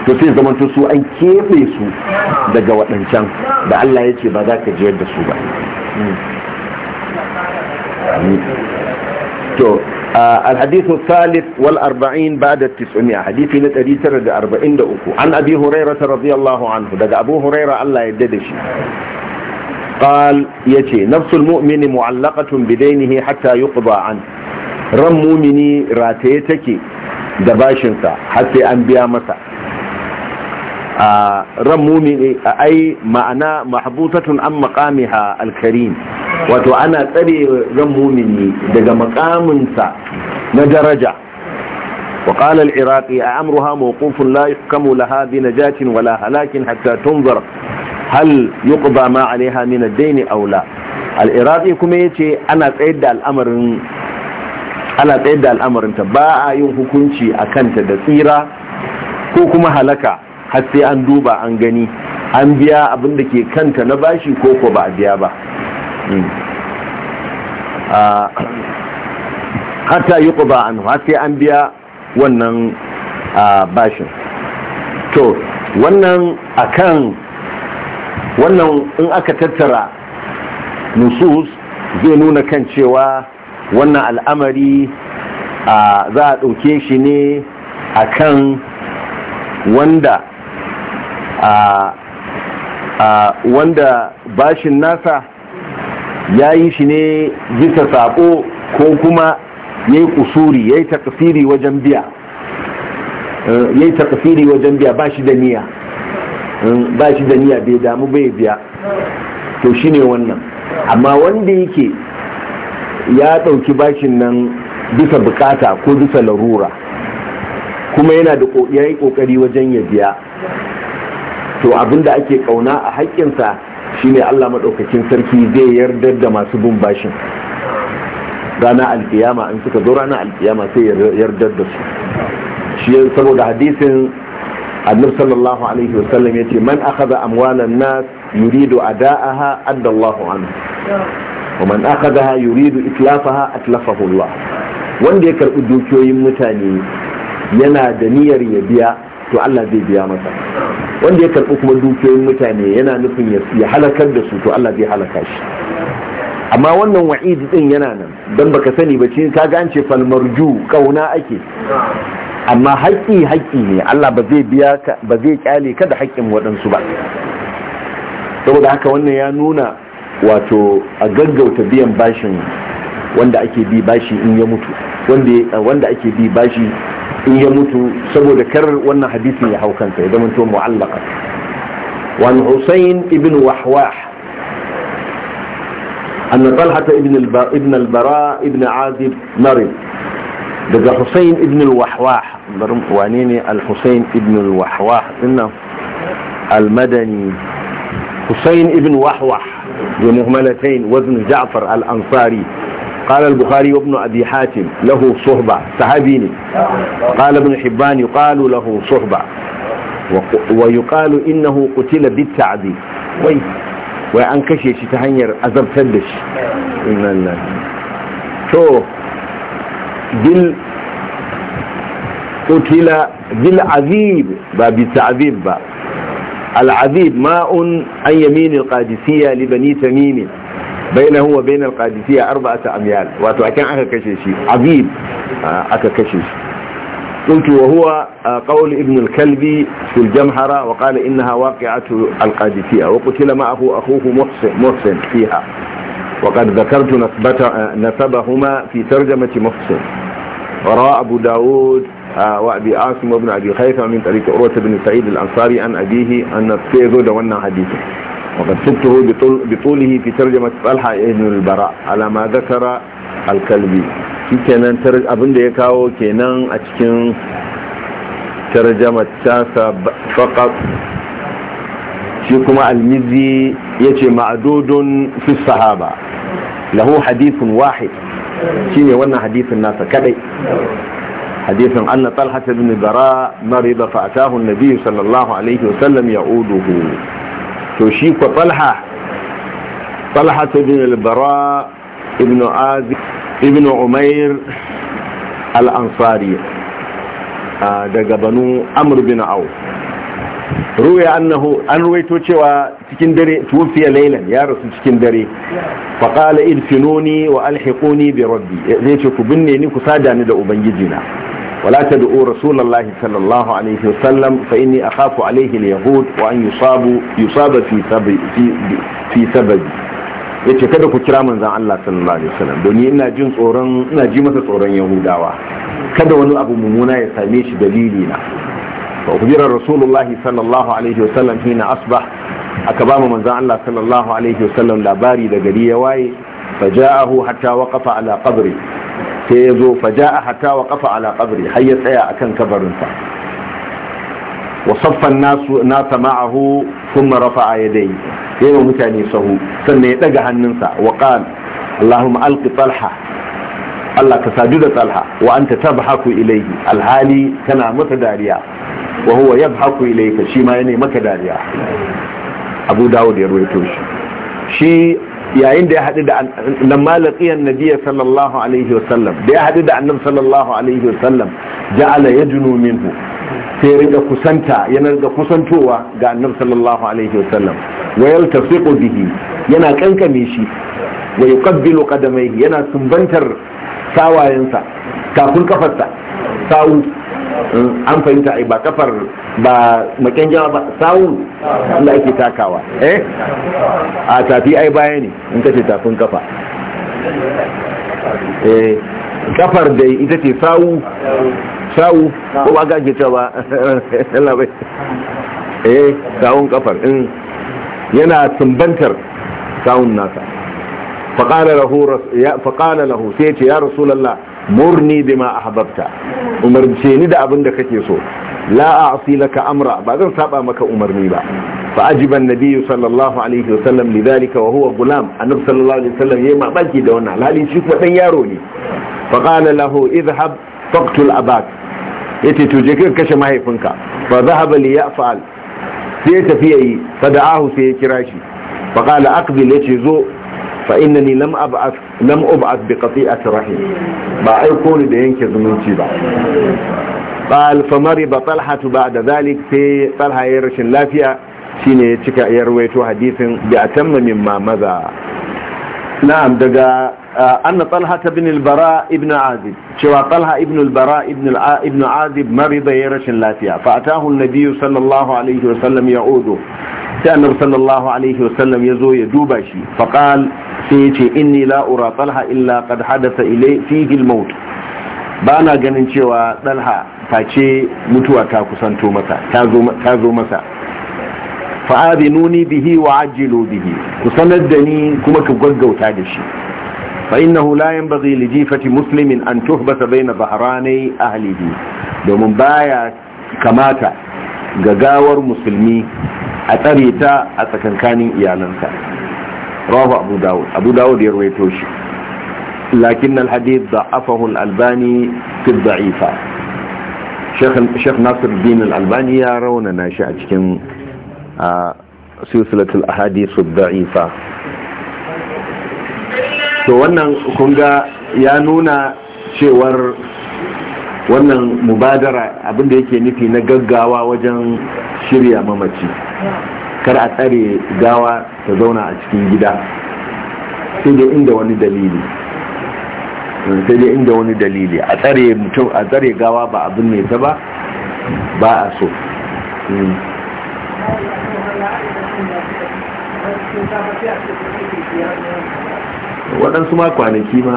to sai zamanto su an keɓe su daga waɗancan da Allah ya ce ba za ka jiyar da su ba hmm. to الحديث الثالث والأربعين بعد التسعمائة حديث نتري ترد أربعين دقو عن أبي هريرة رضي الله عنه دقى أبو هريرة الله يددش قال يتي نفس المؤمن معلقة بدينه حتى يقضى عنه ran mumini rataye take da bashinsa har sai an biya masa a ran mumini a ai ma'ana mahbutatun an maqamiha alkarim wato ana tsare ran mumini daga maqaminsa na daraja وقال العراقي أمرها موقوف لا يحكم لها بنجاة ولا هلاك حتى تنظر هل يقضى ما عليها من الدين أو لا العراقي كما يتي أنا تأيد الأمر أنا تأيد الأمر تباع يوم حكمتي أكنت دسيرة ko kuma halaka har sai an duba an gani an biya abin da ke kanta na bashi ko ko ba a biya ba hata yi ku ba an har sai an biya wannan ah, bashin to wannan akan wannan in aka tattara nusus zai nuna kan cewa wannan al'amari ah, za a ɗauke shi ne akan wanda a wanda bashin nasa ya yi shi ne bisa sako ko kuma ya yi kusuri ya yi takasiri wajen biya eh, ya yi takasiri wajen biya ba shi da niyya eh, ba shi da niya bai damu bai biya to shi ne wannan amma wanda yake ya ɗauki bashin nan bisa bukata ko bisa larura kuma yana da ya yi ƙoƙari wajen ya biya to abinda ake kauna a haƙƙinsa shine Allah maɗaukakin sarki zai yarda da masu bin bashin rana alkiyama in suka zo rana alkiyama sai yarda da su shi saboda hadisin annab sallallahu alaihi wasallam yace man akhadha amwalan nas yuridu ada'aha adda Allahu anhu wa man akhadha yuridu itlafaha atlafahu Allah wanda ya karɓi dukiyoyin mutane yana da niyyar ya biya to Allah zai biya masa wanda ya karɓi kuma dukiyoyin mutane yana nufin ya halakar da su to Allah zai halaka shi amma wannan wa'idi din yana nan don baka sani ba cikin kaga an ce falmarju kauna ake amma haƙƙi haƙƙi ne Allah ba zai biya ka ba zai kyale ka da haƙƙin waɗansu ba saboda haka wannan ya nuna wato a gaggauta biyan bashin wanda ake bi bashi in ya mutu wanda ake bi bashi in ya mutu saboda kar wannan hadisin ya hau kansa ya zama to mu'allaka وعن حسين ibn وحواح أن طلحة ابن, الب... ابن البراء ابن عازب مرض بقى حسين ابن الوحواح وعنيني الحسين ابن الوحواح إنه المدني حسين ابن وحوح بمهملتين وزن جعفر الأنصاري قال البخاري وابن أبي حاتم له صحبة صحابيني قال ابن حبان يقال له صحبة ويقال إنه قتل بالتعذيب وي وأن كشي تهنير أزب تدش إن الله شو بال قتل بالعذيب بالتعذيب العذيب ماء عن يمين القادسية لبني تميم بينه وبين القادسية أربعة أميال واتو wato أكا كشيشي kashe آه، أكا كشيشي قلت وهو آه، قول ابن الكلبي في الجمهرة وقال إنها واقعة القادسية وقتل معه أخوه محسن, محسن فيها وقد ذكرت آه، نسبهما في ترجمة محسن وراء أبو داود وأبي عاصم وابن أبي خيثم من طريق عروة بن سعيد الأنصاري عن أبيه أن تيزو دوانا حديثه وقد سبته بطوله في ترجمة طلحة ابن البراء على ما ذكر الكلبي shi kenan abin da ya kawo kenan a cikin tarjamar tasa faqat shi kuma almizi ya ce ma'adudun fi sahaba lahu hadithun wahid shine wannan hadithun nasa kadai حديث أن طلحة بن براء مرض فأتاه النبي صلى الله عليه وسلم يعوده to shi kwa Falha talha ibn al-bara ibn ibn umair al-ansari uh, daga banu amr bin au ruwa annahu an ruwaito cewa cikin dare tufiya lailan ya rasu cikin dare fa qala idfinuni wa alhiquni bi rabbi zai ce ku binne ni ku sada ni da ubangiji na ولا تدعوا رسول الله صلى الله عليه وسلم فإني أخاف عليه اليهود وأن يصاب يصاب في سبب في في yace kada ku kira manzon Allah sallallahu alaihi wasallam don ina jin tsoron ina ji masa tsoron Yahudawa kada wani abu mummuna ya same shi dalili na fa ubira rasulullahi sallallahu alaihi wasallam hina asbah aka ba mu manzon Allah sallallahu alaihi wasallam labari da gari ya waye fa ja'ahu hatta waqafa ala qabri sai ya zo a hata wa kafa ala qabri har ya tsaya kan kabarinsa Wasaffan saffan nasu na sama'ahu thumma rafa'a yadayhi sai ya mutane sahu sannan ya daga hannunsa wa allahumma alki talha Allah ka sadu da talha wa taba tabhaku ilaihi. alhali tana mata dariya wa huwa yabhaku ilayka shi ma yana maka dariya Abu Dawud ya ruwaito shi yayin da ya haɗu da lamma laqiyan nabiyya sallallahu alaihi wasallam da ya haɗu da annabi sallallahu alaihi wasallam ja'ala yadunu minhu sai ya riga kusanta yana riga kusantowa ga annabi sallallahu alaihi wasallam wa yaltafiqu bihi yana kankame shi wa yuqabbilu qadamayhi yana sumbantar sawayensa kafin kafarsa sawu an fahimta ai ba kafar ba makin jama ba sawun da ake takawa eh a tafi ai baya ne in kace tafin kafa eh kafar da ita ce sawu sawu ko ba ga gita cewa <laughs> eh sawun kafar in yana tumbantar sawun nasa faqala lahu رس... فقال له سيتي يا murni bima ahbabta umarce ni da abin da kake so la a'si laka amra ba zan saba maka umarni ba fa ajiba annabi sallallahu alaihi wasallam lidhalika wa huwa gulam annabi sallallahu alaihi wasallam yayi mamaki da wannan alhali shi kuma dan yaro ne fa qala lahu idhhab faqtul abak yace to je ka kashe mahaifinka fa dhahaba li ya'fal sai tafi yayi fa da'ahu sai ya kira shi fa qala aqbil yace zo fa innani lam ab'ath lam ub'at bi qati'ati rahim ba aiko ni da yanke zumunci ba famari ba talha talhatu ba'da zalik sai talha ya lafiya shine ya cika ya hadisin bi atamma mimma maza na'am daga anna talha ibn al-bara ibn azib cewa talha ibn al-bara ibn ibn azib marida ya rashin lafiya fa atahu an-nabiy sallallahu alaihi wa sallam ya'udu sai annabi sallallahu alaihi wasallam ya zo ya duba shi faqal sai ya ce inni la ura talha illa kad hadatha ilay fihi al ba na ganin cewa talha ce mutuwa ta kusanto masa ta zo ta zo masa bihi wa ajilu bihi ku sanar da ni kuma ku gaggauta da shi fa innahu la yanbaghi li jifati muslimin an tuhbasa bayna bahrani ahlihi domin baya kamata ga gawar musulmi a tsare ta a tsakankanin iyalansa rawahu abu dawud abu dawud ya rawaito shi lakin alhadith da afahul albani fi da'ifa shekh nasir din albani ya rauna na shi a cikin silsilatul ahadith da'ifa to wannan kunga ya nuna cewar wannan mubadara abinda yake nufi na gaggawa wajen shirya mamaci kar a tsare gawa ta zauna a cikin gida sai dai inda wani dalili sai dai inda wani dalili a tsare mutum a tsare gawa ba abin ne ta ba ba a so waɗansu ma kwanaki ma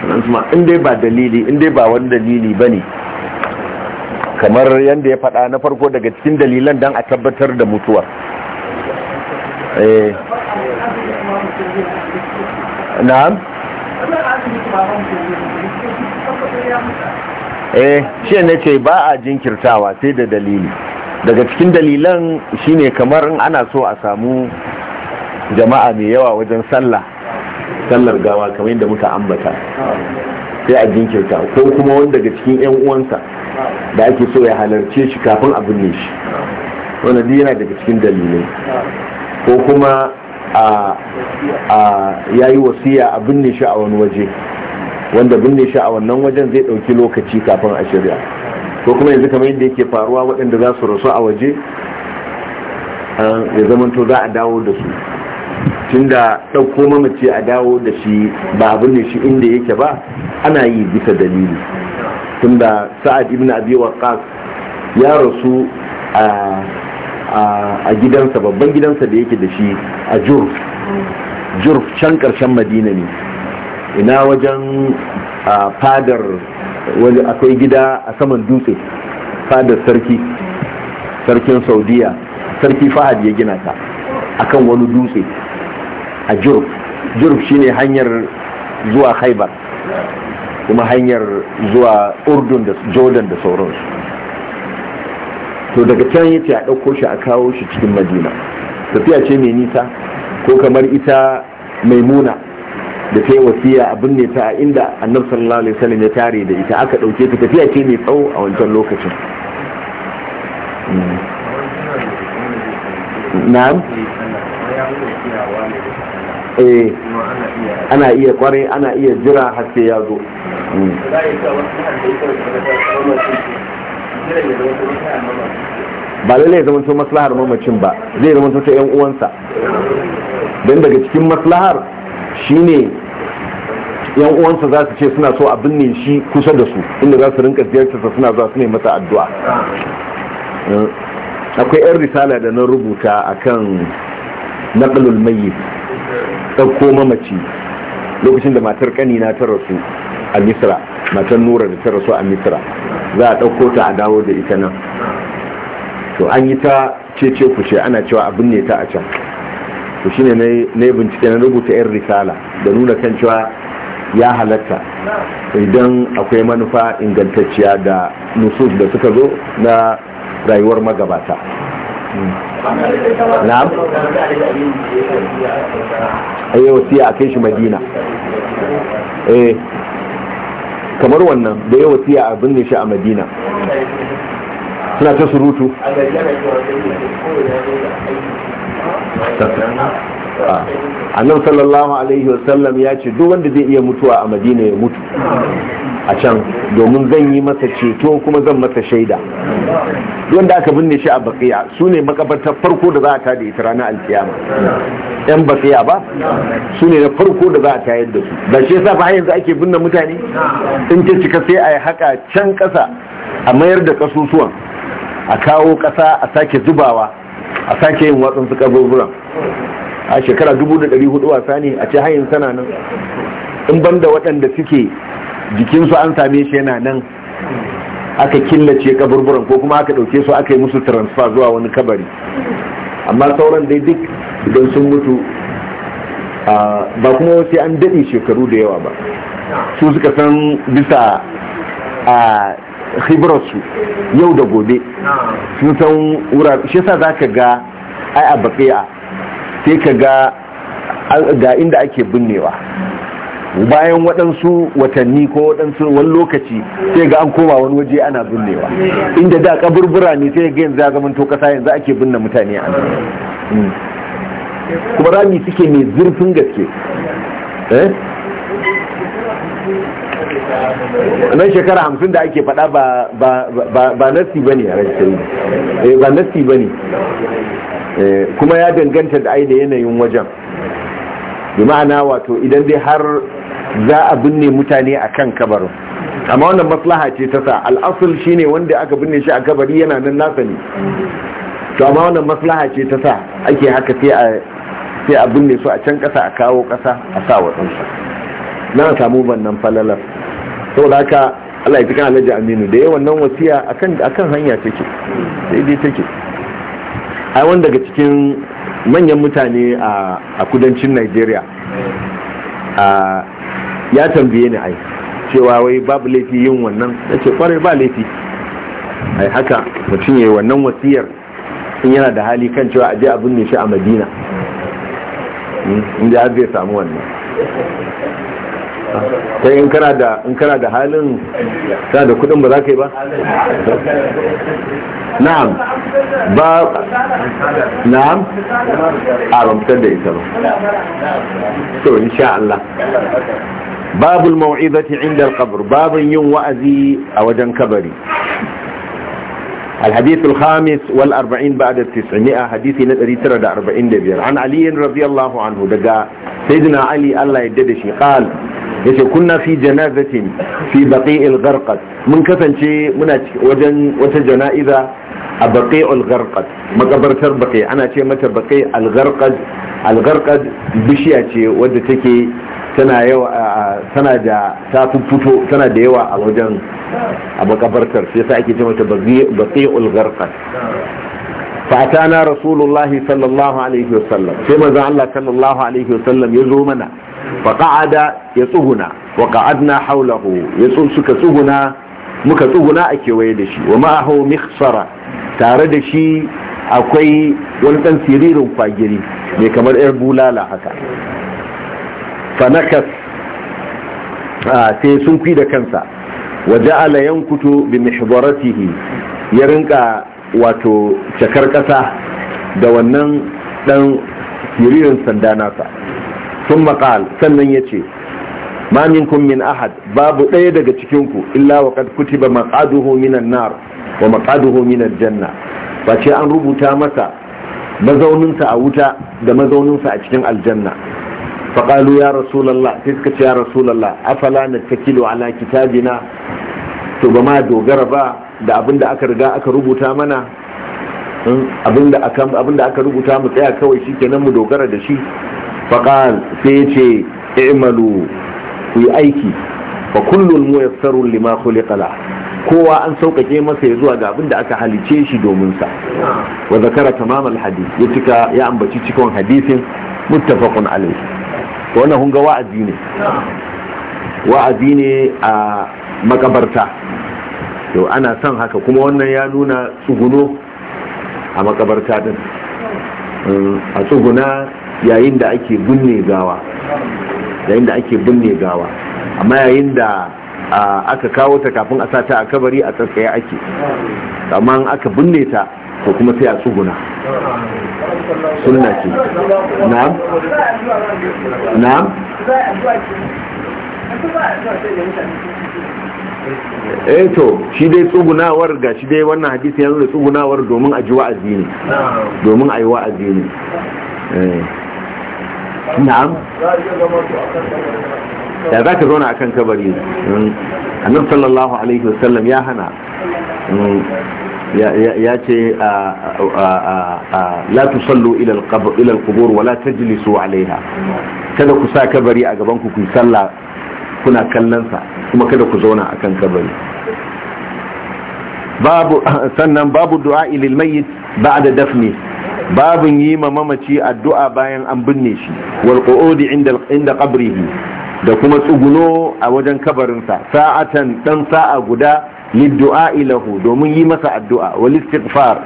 kuma in dai ba dalili in dai ba wani dalili ne kamar yadda ya faɗa na farko daga cikin dalilan don a tabbatar da mutuwar eh na'am eh shi ne ce ba a jinkirtawa sai da dalili daga cikin dalilan shine kamar ana so a samu jama'a mai yawa wajen sallah sallar gawa kamar yadda muka ambata sai a jinkirta ko kuma wanda daga cikin yan uwansa da ake so ya halarce shi kafin a binne shi wannan duk yana daga cikin dalilai ko kuma a ya yi wasiya a binne shi a wani waje wanda binne shi a wannan wajen zai ɗauki lokaci kafin a shirya ko kuma yanzu kamar yadda yake faruwa waɗanda za su rasu a waje ya zamanto za a dawo da su tunda ɗauko mamaci a dawo da shi ba abin da shi inda yake ba ana yi bisa dalili tunda sa'ad ibn abi waqqas ya rasu a gidansa babban gidansa da yake da shi a jurf jurf can ƙarshen madina ne ina wajen fadar wani akwai gida a saman dutse fadar sarki sarkin saudiya sarki fahad ya gina ta akan wani dutse a jurf jurf shine hanyar zuwa haibar kuma hanyar zuwa urdun da jordan da sauransu to daga can yace a ɗauko shi a kawo shi cikin madina tafiya ce mai nisa ko kamar ita Muna da ta yi wasiya a binne ta a inda annabi sallallahu alaihi wasallam ya tare da ita aka ɗauke ta tafiya ce mai tsawo a wancan lokacin hmm. na'am Eh, ana iya kware ana iya jira har sai ya zo hmm. ba lalle zama to maslahar mamacin ba zai to ta 'yan uwansa don daga cikin maslahar shine yan uwansa za su ce suna so a binne shi kusa da su inda za su rinka ziyartarsa suna zuwa su ne masa addu'a hmm. akwai 'yan risala da na rubuta akan naqlul mayyit ɗauko mamaci lokacin da matar ƙanina ta rasu a misra matar nura da ta rasu a misra za a ɗauko ta a dawo da ita nan to an yi ta cece ce, ana cewa abin ne ta a can to shine na yi bincike na rubuta 'yan risala da nuna kan cewa ya halatta idan akwai manufa ingantacciya da nusus da suka zo na rayuwar magabata na'am ayi wasiya a kai shi madina eh kamar wannan da ya wasiya a binne shi a madina suna ta surutu annabi sallallahu alaihi wasallam ya ce duk wanda zai iya mutuwa a madina ya mutu a can domin zan yi masa ceto kuma zan masa shaida wanda aka binne shi a bakiya su ne makabartar farko da za a tada ita ranar alkiyama yan bakiya ba su ne na farko da za a tayar da su da shi yasa ba yanzu ake binne mutane in ce cika sai a yi haka can kasa a mayar da kasusuwan a kawo kasa a sake zubawa a sake yin watsan su kaburburan a shekara 1400 wasa ne a ce hayin sana nan in banda waɗanda suke jikinsu an same shi yana nan aka killace kaburburan ko kuma aka ɗauke su aka yi musu transfer zuwa wani kabari amma sauran dai duk idan sun mutu ba kuma sai an daɗe shekaru da yawa ba su suka san bisa a hibrarsu yau da gobe sun san wurare shi sa za ka ga ai a sai ka ga ga inda ake binnewa bayan waɗansu watanni ko waɗansu wani lokaci sai ga an koma wani waje ana binnewa inda da kaburbura ne sai ga yanzu ya zama to kasa yanzu ake binne mutane a nan hmm. kuma rami suke mai zurfin gaske eh? nan shekara hamsin da ake faɗa ba nasi ba ne a rashin eh, ba nasi ba ne eh, kuma ya danganta da aida yanayin wajen bi ma'ana wato idan dai har za a binne mutane a kan kabarin amma wannan maslaha ce ta sa al'asul ne wanda aka binne shi a kabari yana nan nasa ne to amma wannan maslaha ce ta sa ake haka sai a binne su a can ƙasa a kawo ƙasa a sa waɗansu na samu wannan falalar saboda haka Allah ya fi kan alhaji aminu da yawan nan wasiya akan hanya take sai dai take ai wanda daga cikin manyan mutane a kudancin Najeriya ya tambaye ni ai cewa wai babu laifi yin wannan nace kwarai ba laifi ai haka mutum yayi wannan wasiyar in yana da hali kan cewa aje abin ne shi a Madina hmm, in da zai samu wannan sai in kana da in kana da halin kana da kudin ba za ka yi ba na'am ba na'am a ramtar da ita ba to insha Allah babul mau'izati inda al-qabr babun yin wa'azi a wajen kabari الحديث الخامس والأربعين بعد التسعمائة حديث نتري ترد أربعين دبير عن علي رضي الله عنه دقاء سيدنا علي الله يددش قال yace kunna fi janazatin fi baqi'il gharqad mun kasance muna wajen wata jana'iza a baqi'ul gharqad makabartar baƙi ana ce mata baqi al gharqad bishiya ce wadda take tana yawa tana da ta fito tana da yawa a wajen a makabartar sai yasa ake ce mata baƙi gharqad فأتانا رسول sallallahu alaihi الله عليه وسلم Allah sallallahu alaihi صلى الله عليه وسلم يزومنا fa qa'ada ya tsuguna wa ya suka tsuguna muka tsuguna a kewaye da shi wa ma'ahu mikhsara tare da shi akwai wani ɗan siririn fagiri. mai kamar yar bulala haka fanakas sai sun fi da kansa waje alayen kuto bi mishbaratihi ya rinka wato cakar ƙasa da wannan ɗan siririn sanda nasa sun maƙal sannan ya ce mamin kun min ahad babu ɗaya daga cikinku illa wa kuti ba maqaduhu minan nar wa maƙaduhu minan janna Ba ce an rubuta masa mazauninsa a wuta da mazauninsa a cikin aljanna faƙalu ya rasulallah sai suka ce ya rasulallah afala na takilu ala kitabina to ba ma dogara ba da abin da aka riga aka rubuta mana hmm, abin da aka rubuta mu tsaya kawai shi kenan mu dogara da shi faƙal sai ya ce i'malu ku aiki fa kullum mu yassaru lima khuliqala kowa an sauƙaƙe masa ya zuwa ga abin da aka halice shi domin sa wa zakara tamamal hadith ya cika ya ambaci cikon hadisin muttafaqun alayhi to wannan hunga wa'azi ne wa'azi ne a makabarta to ana son haka kuma wannan ya nuna tsuguno a makabarta din a tsuguna yayin da ake binne gawa yayin da ake binne gawa amma yayin da aka kawo ta kafin a sata a kabari a tsatsaye ake amma aka binne ta ko kuma sai a tsuguna sunna ce na'am na'am eh to shi dai tsugunawar ga shi dai wannan hadisi yanzu da tsugunawar domin a ji wa'azi ne domin a yi wa'azi ne eh. na'am da za ka zauna akan kabari um, annabi sallallahu alaihi wasallam ya hana um, ya ce la tusallu ila al-qubur wa la tajlisu alaiha kada ku sa kabari a gaban ku ku sallah kuna kallon sa kuma kada ku zauna kan kabari babu <laughs> sannan babu du'a lil mayyit ba'da dafni babin yi ma mamaci addu'a bayan an binne shi wal qu'udi inda inda da kuma tsuguno a wajen kabarinsa sa'atan ɗan sa'a guda liddu'a ilahu domin yi masa addu'a wal istighfar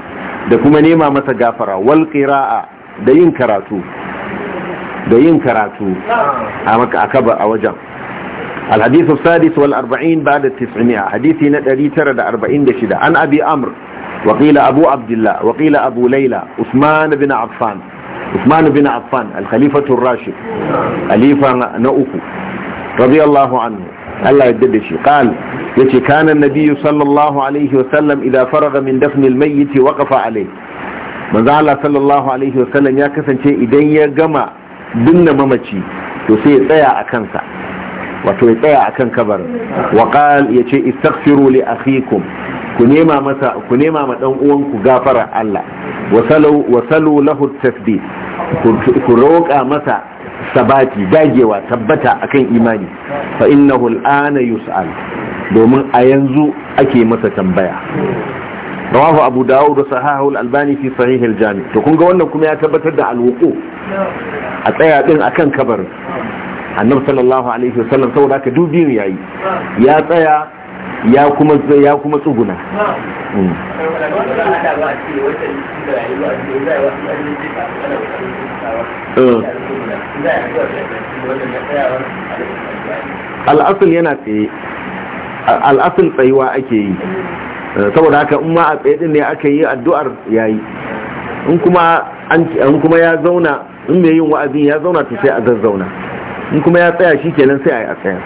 da kuma nema masa gafara walƙira'a, da yin karatu da yin karatu a maka akaba a wajen الحديث السادس والأربعين بعد التسعمائة حديثي نتري ترد أربعين دشدة عن أبي أمر وقيل أبو عبد الله وقيل أبو ليلى عثمان بن عفان عثمان بن عفان الخليفة الراشد خليفة نؤك رضي الله عنه الله يددشي قال يتي كان النبي صلى الله عليه وسلم إذا فرغ من دفن الميت وقف عليه من الله صلى الله عليه وسلم يكسن شيء إذن يقمع دن ممتي يسيء طيع أكنسا وتويطيع أكن كبر وقال يتي استغفروا لأخيكم ku nema masa ku nema ma dan uwanku gafara Allah wasalu wasalu lahu tasbih ku roƙa masa sabati dagewa tabbata akan imani fa innahu al'ana yus'al domin a yanzu ake masa tambaya rawahu abu daud da sahahu al-albani fi sahih al-jami to kun ga wannan kuma ya tabbatar da alwuku a tsaya din akan kabarin annabi sallallahu alaihi wasallam saboda ka dubi yayi ya tsaya ya kuma ya kuma tsuguna mm. Mm. al'asul yana tsaye al'asul tsayuwa ake yi saboda haka in ma a tsaye din ne aka yi addu'ar yayi in kuma an kuma ya zauna in mai yin wa'azin ya zauna to sai a zazzauna in kuma ya tsaya shi kenan sai a yi a tsaya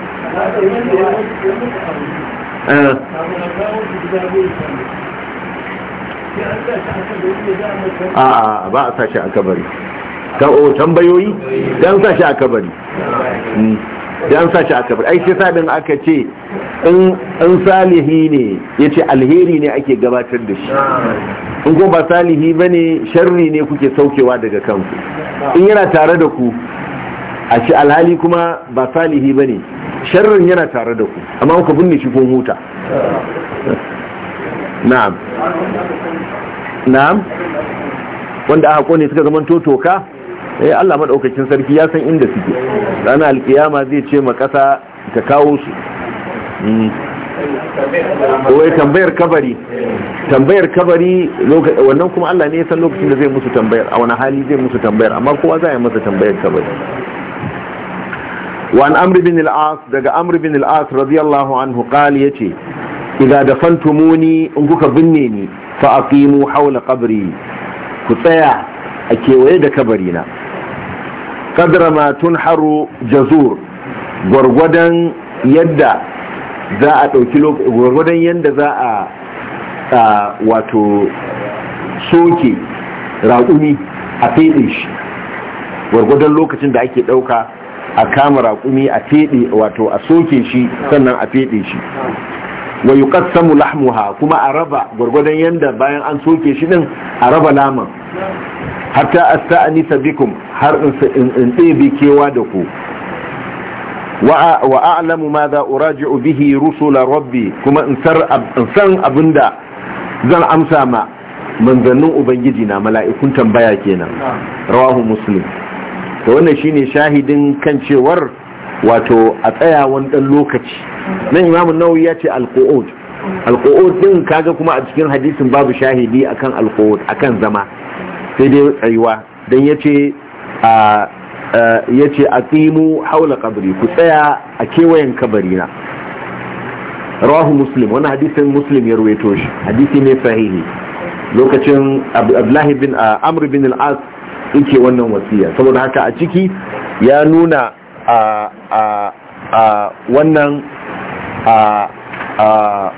a'a ba a sashi a kabari o tambayoyi don sashi a kabari hmm. don sashi a kabari ai sai sadin aka ce in salihi ne ya alheri ne ake gabatar da shi in kuma ba salihi bane ne sharri ne kuke saukewa daga kanku in yana tare da ku a ci alhali kuma ba salihi bane. sharrin yana tare da ku amma ku binne shi ko huta na'am na'am wanda aka kone suka zama totoka eh Allah madaukakin sarki ya san inda suke dan alkiyama zai ce ma kasa ta kawo su hmm. wai tambayar kabari tambayar kabari wannan kuma Allah ne ya san lokacin da zai musu tambayar a wani hali zai musu tambayar amma kowa za a yi masa tambayar kabari وعن أمر بن العاص دقى أمر بن العاص رضي الله عنه قال يتي إذا دفنتموني انكوك بنيني فأقيموا حول قبري كتايا أكيويد كبرينا قدر ما تنحر جزور gwargwadon يدا ذا a ɗauki gwargwadon yadda za a wato soke raƙumi a feɗe shi gwargwadon lokacin da ake ɗauka a kama raƙumi a feɗe wato a soke shi sannan a feɗe shi wa yuqassamu lahmuha kuma a raba gwargwadon yanda bayan an soke shi din a raba laman hatta asta'anisa bikum har in ɗebe kewa da ku wa a'lamu ma za uraji'u bihi rusula rabbi kuma in san abinda zan amsa ma manzannin ubangiji na mala'ikun tambaya kenan rawahu muslim to wannan shine shahidin kan cewar wato a tsayawan dan lokaci nan imamu nawawi ya ce alqaud alqaud din kaga kuma a cikin hadisin babu shahidi akan alqaud akan zama sai dai tsayuwa dan yace a yace aqimu haula qabri ku tsaya a kewayen kabarina rawahu muslim wannan hadisin muslim ya ruwaito shi hadisi ne sahihi lokacin abdullahi bin amr bin al-as yake wannan wasiya saboda haka a ciki ya nuna a a wannan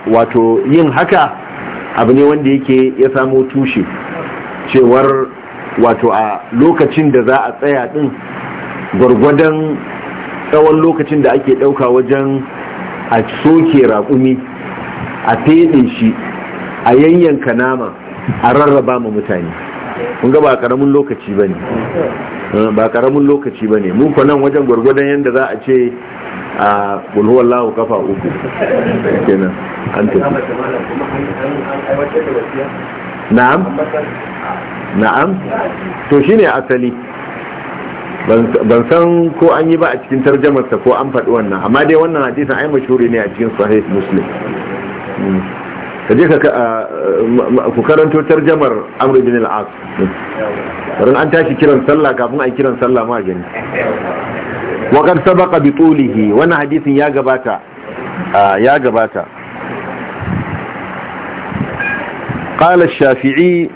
wato yin haka abu ne wanda yake ya samo tushe cewar wato a lokacin da za a tsaya din gwargwadon tsawon lokacin da ake dauka wajen a soke raƙumi a feɗe shi a yanyanka nama a rarraba ma mutane kun ga ba karamin lokaci bane eh, ba karamin lokaci bane mu kwanan nan wajen gurgurdan yanda za a ce a kul huwallahu kafa uku kenan an tafi na'am na'am to shine asali ban san ko an yi ba a cikin tarjamarsa ko an faɗi wannan amma dai wannan hadisin ai mashhuri ne a cikin sahih muslim hmm. ka je ku karanto tarjamar amr bin al-as ran an tashi kiran sallah kafin a kiran sallah ma gani wa qad sabaqa bi tulihi wannan hadisin ya gabata ya gabata qala ash-shafi'i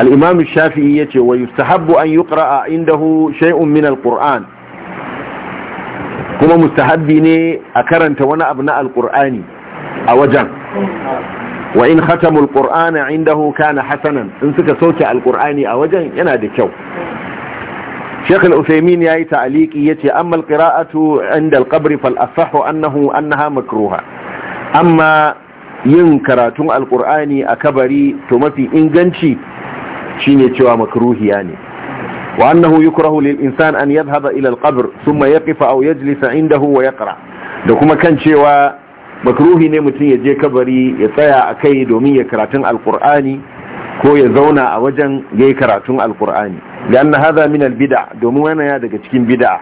al-imam ash-shafi'i yace wa yustahabbu an yuqra'a indahu shay'un min al-qur'an kuma mustahabbi ne a karanta wani abu na al a wajen wa in khatamul qur'ana indahu kana hasanan in suka soke alqur'ani a wajen yana da kyau Sheikh Al-Uthaymeen yayi ta'aliki yace amma al 'inda al fal asahhu annahu annaha makruha amma yin karatun alqur'ani a kabari to mafi inganci shine cewa makruhiya ne wa annahu yukrahu lil insan an yadhhaba ila al-qabr thumma yaqifa aw yajlisa 'indahu wa yaqra da kuma kan cewa makruhi ne mutum ya je kabari ya tsaya a kai domin ya karatun alkur'ani ko ya zauna a wajen ya yi karatun alkur'ani da an na haza min albida domin wani ya daga cikin bida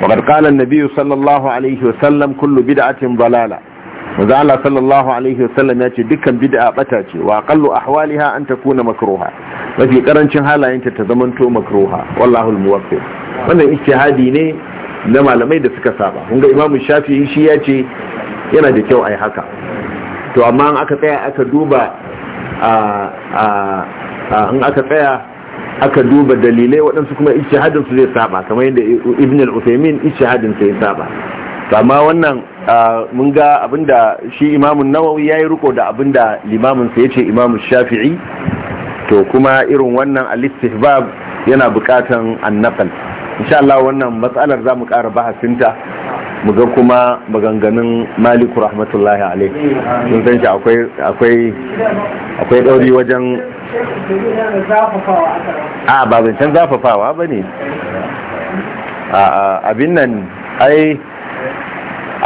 waƙar ƙalan na biyu sallallahu alaihi wasallam kullu bida'atin balala maza Allah sallallahu alaihi wasallam ya ce dukkan bid'a bata ce wa hawali ha an kuna makruha mafi ƙarancin halayenta ta zamanto makruha wallahu almuwaffiq wannan ijtihadi ne na malamai da suka saba kun ga imamu shafi'i shi ya ce yana da kyau a yi haka to amma in aka tsaya aka duba in aka tsaya aka duba dalilai waɗansu kuma ishihadinsu zai saba kamar yadda ibn al-usaimin ishihadinsa ya saba To amma wannan mun ga abinda shi imamun nawawi ya yi riko da abinda limaminsa ya ce imamun shafi'i to kuma irin wannan al yana bukatan annafal insha Allah wannan matsalar za mu ƙara bahasinta muga kuma maganganun maliku rahmatullahi alai sun san shi akwai ɗauri wajen a ba zafafawa ba ne abin nan ai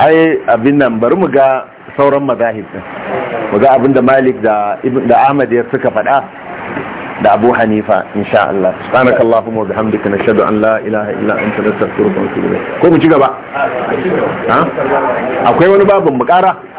ai abin nan bari mu ga sauran mazahib mu ga abin da malik da ahmad ya suka faɗa da Abu Hanifa insha Allah subhanakallahumma wa bihamdika nashhadu an la ilaha illa anta nastaghfiruka wa natubu ilayk ko mu ci gaba ha akwai wani babin mu kara